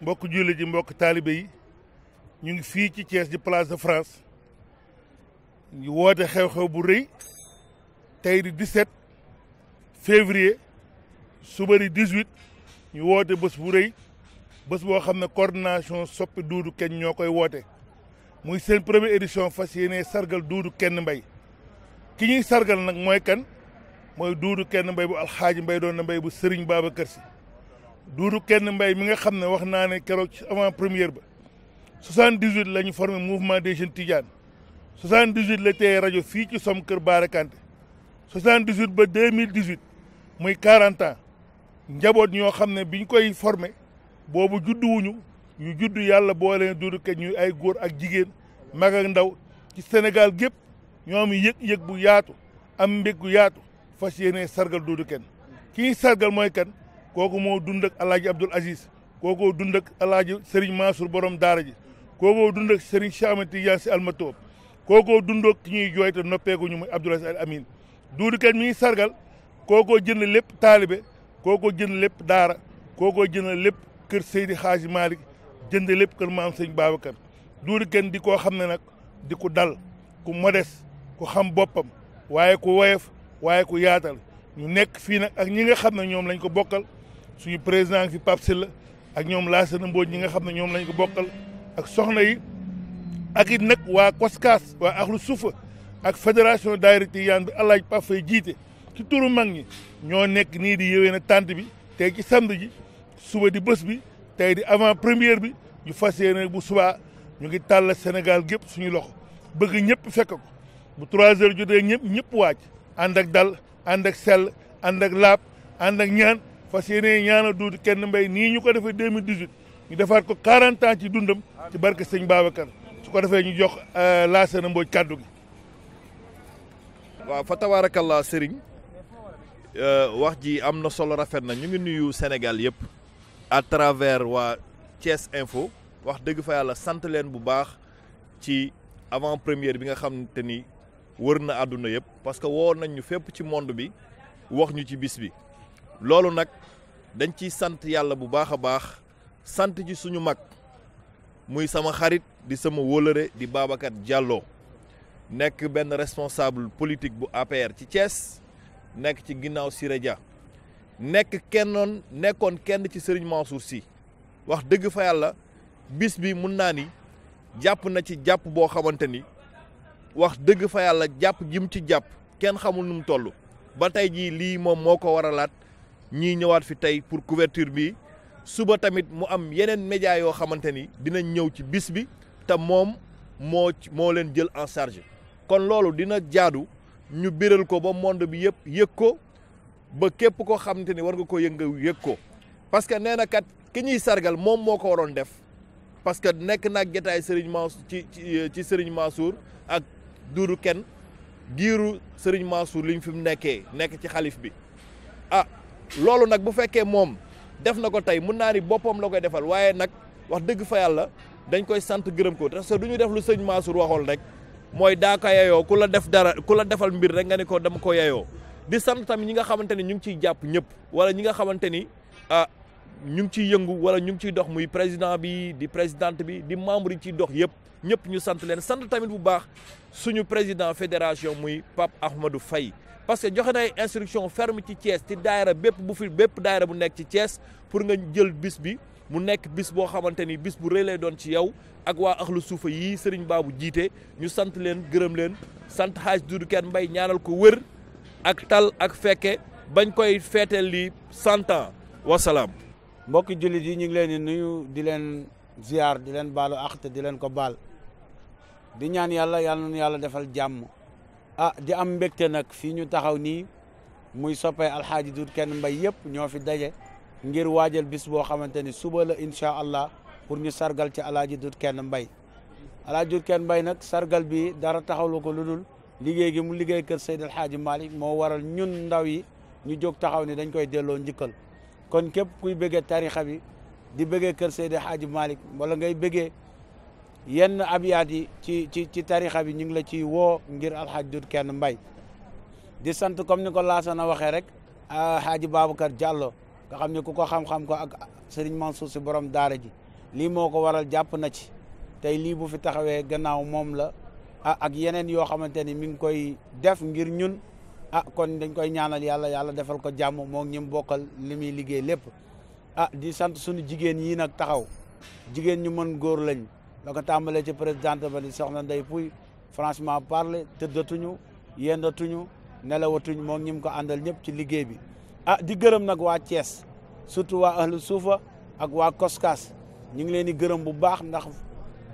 mbokk julli ji mbokk taalibe yi ñu ngi fii ci Thiès di place de France ñu woote xew-xew bu rëy tey di 17 février suba di 18 ñu woote bés bu rëy bës boo xam ne coordination soppi Duudu Kenn ñoo koy woote muy seen premier édition fas yéene sargal Duudu Kenn Mbay ki ñuy sargal nag mooy kan mooy Duudu Kenn Mbay bu alxaaji Mbay doon na Mbay bu Sëriñ kër Si duudu kenn mbay mi nga xam ne wax naa ne keroog ci avant première ba 78 la ñu formé mouvement des jeunes Tidiane 78 la téye rajo fii ci som kër Baara Kanté 78 ba 2018 muy 40 ans njaboot ñoo xam ne biñ koy formé boobu judduwuñu yu juddu yàlla boole duudu kenn ñu ay góor ak jigéen mag ak ndaw ci Sénégal gépp ñoom yëg-yëg bu yaatu am mbég bu yaatu fas yéene sargal duudu kenn kii sargal mooy kenn kooku moo dund ak El Hadj Abdoul kookoo dund ak El Hadj borom daara ji kookoo dund ak Serigne Cheikh Ahmed Tidiane kookoo dund ki ñuy jooy noppeeku ñu muy Abdoul Aziz Al Amine duudu kat mi sargal kookoo jënd lépp taalibe kookoo jënd lépp daara kookoo jënd lépp kër Seydi xaaji Malick jënd lépp kër maam Sëñ Babacar duudu kat di koo xam ne nag di ku dal ku modeste ku xam boppam waaye ku woyof waaye ku yaatal ñu nekk fii nag ak ñi nga xam ne ñoom lañ ko bokkal suñu président ngi fi Pape ak ñoom na Mbodj ñi nga xam ne ñoom lañ ko bokkal ak soxna yi ak it nag waa Koskaas waa Axlu Suufa ak fédération daayira Tijaan bi Alaaji Pape Faye jiite ci turu mag ñi ñoo nekk nii di yëwee na tànt bi tey ci samedi ji suba di bës bi tey di avant première bi ñu fas yéene bu subaa ñu ngi tàll Sénégal gépp suñu loxo bëgg ñëpp fekk ko bu trois heures jotee ñëpp ñëpp waaj ànd ak dal ànd sel sell ànd ak laab ànd ak ñaan fas yéene ñaanal Doudou Kenn Mbaye nii ñu ko defee 2018 ñu defaat ko 40 ans ci dundam ci barke sëñ Babacar su ko defee ñu jox euh, Laasana Mbooj kàddu gi. waaw fa tabaarakallaa sëriñ euh, wax ji am na solo rafet na ñu ngi nuyu Sénégal yëpp à travers waa Thiès Info wax dëgg fa yàlla sant leen bu baax ci avant première bi nga xam xamante ni wër na àdduna yëpp parce que woo nañ ñu fépp ci monde bi wax ñu ci bis bi. loolu nak dañ ci sante yalla bu santiji sunyumak, baax sant suñu mag muy sama xarit di sama wulere di babakat Diallo nek ben responsable politique bu APR ci Thiès nek ci ginnaw Siré nek kennon nekkon kenn ci Serigne Mansour si wax deug fa yalla bis bi mën na ni japp na ci japp bo xamanteni wax deug fa yalla japp gi ci japp kenn xamul nu mu ba tay ji li mom moko waralat ñii ñëwaat fi tey pour couverture bi suba tamit mu am yeneen média yoo xamante ni dinañ ñëw ci bis bi te moom moo moo leen jël en charge kon loolu dina jaadu ñu biral ko ba monde bi yëpp yëg ko ba képp koo xamante ni war nga ko yënga yëg ko parce que nee na kat ki ñuy sargal moom moo ko waroon def parce que nekk naag jataay Serigne Mansour ci ci Serigne Mansour ak duuru kenn giiru Serigne Mansour liñ fi mu nekkee nekk ci xalif bi ah loolu nag bu fekkee moom def na ko tey mun naa ni boppam la koy defal waaye nag wax dëgg fa yàlla dañ koy sant gërëm ko parce que du ñu def lu sëñ Mansour waxoon rek mooy daa ko yayoo ku la def dara ku la defal mbir rek nga ne ko dama ko yayoo di sant tamit ñi nga xamante ni ñu ngi ciy jàpp ñëpp wala ñi nga xamante ni ah ñu ngi ciy yëngu wala ñu ngi ciy dox muy président bi di présidente bi di membre yi ciy dox yëpp ñëpp ñu sant leen sant tamit bu baax suñu président fédération muy Pape Ahmadou Faye parce que joxe na ay instruction ferme ci Thiès ci daayira bépp bu fi bépp daayira bu nekk ci cees pour nga jël bis bi mu nekk bis boo xamante ni bis bu rëy lay doon ci yow ak waa lu suufa yii Serigne Babou jiite ñu sant leen gërëm leen sant xaaj Doudou Kane ñaanal ko wër ak tal ak fekke bañ koy feeteel lii santa ans wasalaam. mbokki jullit yi ñu ngi leen di nuyu di leen ziar di leen baalu àq te di leen ko baal di ñaan yàlla yàlla yàlla defal jàmm. ah di am mbégte nag fii ñu taxaw nii muy soppee alxaaji Duut Kenn Mbay yëpp ñoo fi daje ngir waajal bis boo xamante ni suba la incha allah pour ñu sargal ci alxaaji Duut Kenn Mbay alxaaji Duut Kenn Mbay nag sargal bi dara taxawlu ko lu dul liggéey gi mu liggéey kër Seyd alxaaji Malick moo waral ñun ndaw yi ñu jóg taxaw ni dañ koy delloo njukkal kon képp kuy bëggee tarixa bi di bëggee kër Seyd alxaaji Malick wala ngay bëggee yenn abiyaat yi ci ci ci tarixa bi ñu ngi la ciy woo ngir alxaaj dut kenn mbay di sant comme ni ko laasana waxee rek xaaji ah, Babacar Diallo nga xam ne ku ko xam-xam ko ak sëriñ Mansour si borom daara ji lii moo ko waral jàpp na ci tey lii bu fi taxawee gannaaw moom la ah ak yeneen yoo xamante ni mi ngi koy def ngir ñun ah kon dañ koy ñaanal yàlla yàlla defal ko jàmm moo ñim bokkal li muy liggéey lépp ah di sant suñu jigéen yi nag taxaw jigéen ñu mën góor lañ la ko tàmbalee ci présidente ba li soxna Ndeye Pouy franchement parler tëddatuñu yendatuñu nelawatuñu moom moo ñim ko àndal ñëpp ci liggéey bi ah di gërëm nag waa Thiès surtout waa ahlu suufa ak waa koskaas ñu ngi leen di gërëm bu baax ndax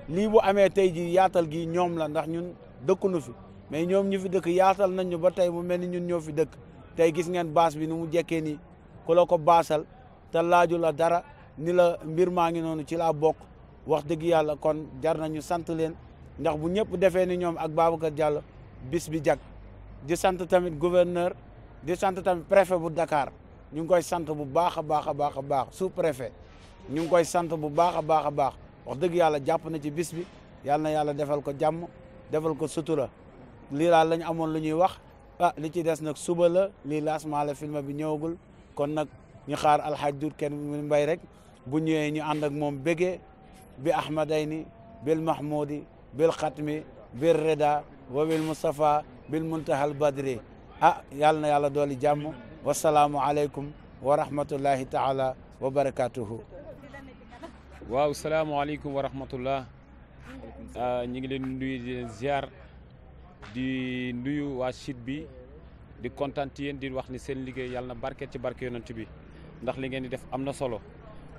lii bu amee tey ji yaatal gi ñoom la ndax ñun dëkkunu fi mais ñoom ñu fi dëkk yaatal nañ ñu ba tey mu mel ni ñun ñoo fi dëkk tey gis ngeen baas bi ni mu jekkee ni ku la ko baasal te laaju la dara ni la mbir maa ngi noonu ci laa bokk wax dëgg yàlla kon jar nañu sant leen ndax bu ñëpp defee ni ñoom ak Babacar Diallo bis bi jag di sant tamit gouverneur di sant tamit préfet bu Dakar ñu ngi koy sant bu baax a baax a baax a baax sous préfet ñu ngi koy sant bu baax a baax a baax wax dëgg yàlla jàpp na ci bis bi yàlla na yàlla defal ko jàmm defal ko sutura lii daal lañ amoon lu ñuy wax ah li ci des nag suba la lii lancement la film bi ñëwagul kon nag ñu xaar alxaaj dur mbay rek bu ñëwee ñu ànd ak moom bégee بأحمدين بالمحمود بالختم بالردا وبالمصطفى بالمنتهى البدري أه يالنا يالا دولي جام والسلام عليكم ورحمة الله تعالى وبركاته واو السلام عليكم ورحمة الله آه، نيجلين نوي زيار دي نوي واشيد بي دي كونتانتين دي واخني سين ليغي يالنا باركة تي باركة يونان تي بي ndax li ngeen di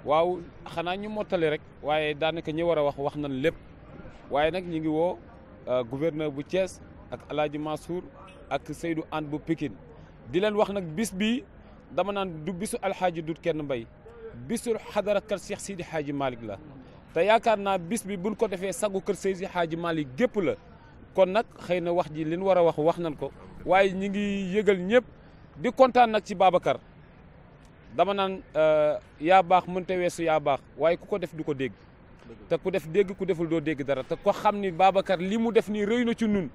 waaw xanaa ñu mottali rek waaye daanaka ñu war a wax wax nañ lépp waaye nag ñi ngi woo euh, gouverneur bu Thiès ak El Hadj ak Seydou Anne bu pikin di leen wax nag bis bi dama naan du bisu alxaaji dut kenn mbay bisu xadara kër Cheikh Sidi Xaaji Malick la te yaakaar naa bis bi bu buñ ko defee sagu kër Seydi Xaaji Malick gépp la kon nag xëy na wax ji leen war a wax wax nañ ko waaye ñi ngi yëgal ñëpp di kontaan nag ci Babacar dama naan euh, yaa baax mënta weesu yaa baax waaye ku ko def du ko dégg te ku def dégg ku deful doo dégg dara te ko xam ni Babacar li mu def nii rëy na ci nun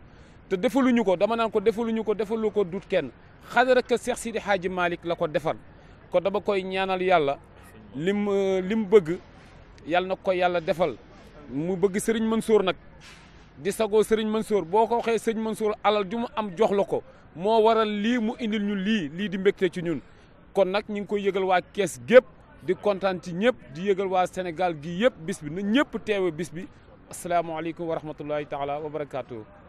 te defaluñu ko dama naan ko defaluñu ko defalu ko dut kenn xadara ka Seex Sidi Xaaji Malick la ko defal ko dama koy ñaanal yàlla lim euh, lim bëgg yàlla nag ko yàlla defal mu bëgg sëriñ Mansour nag di sagoo sëriñ Mansour boo ko waxee sëriñ Mansour alal ju mu am jox la ko moo waral lii mu indil ñu lii lii di mbégte ci ñun kon nak ñing koy yëgal wa gep di kontaan ci ñëpp di yëgal wa Sénégal gi yëpp bis bi na ñëpp bis bi alaykum wa rahmatullahi taala wa barakatuh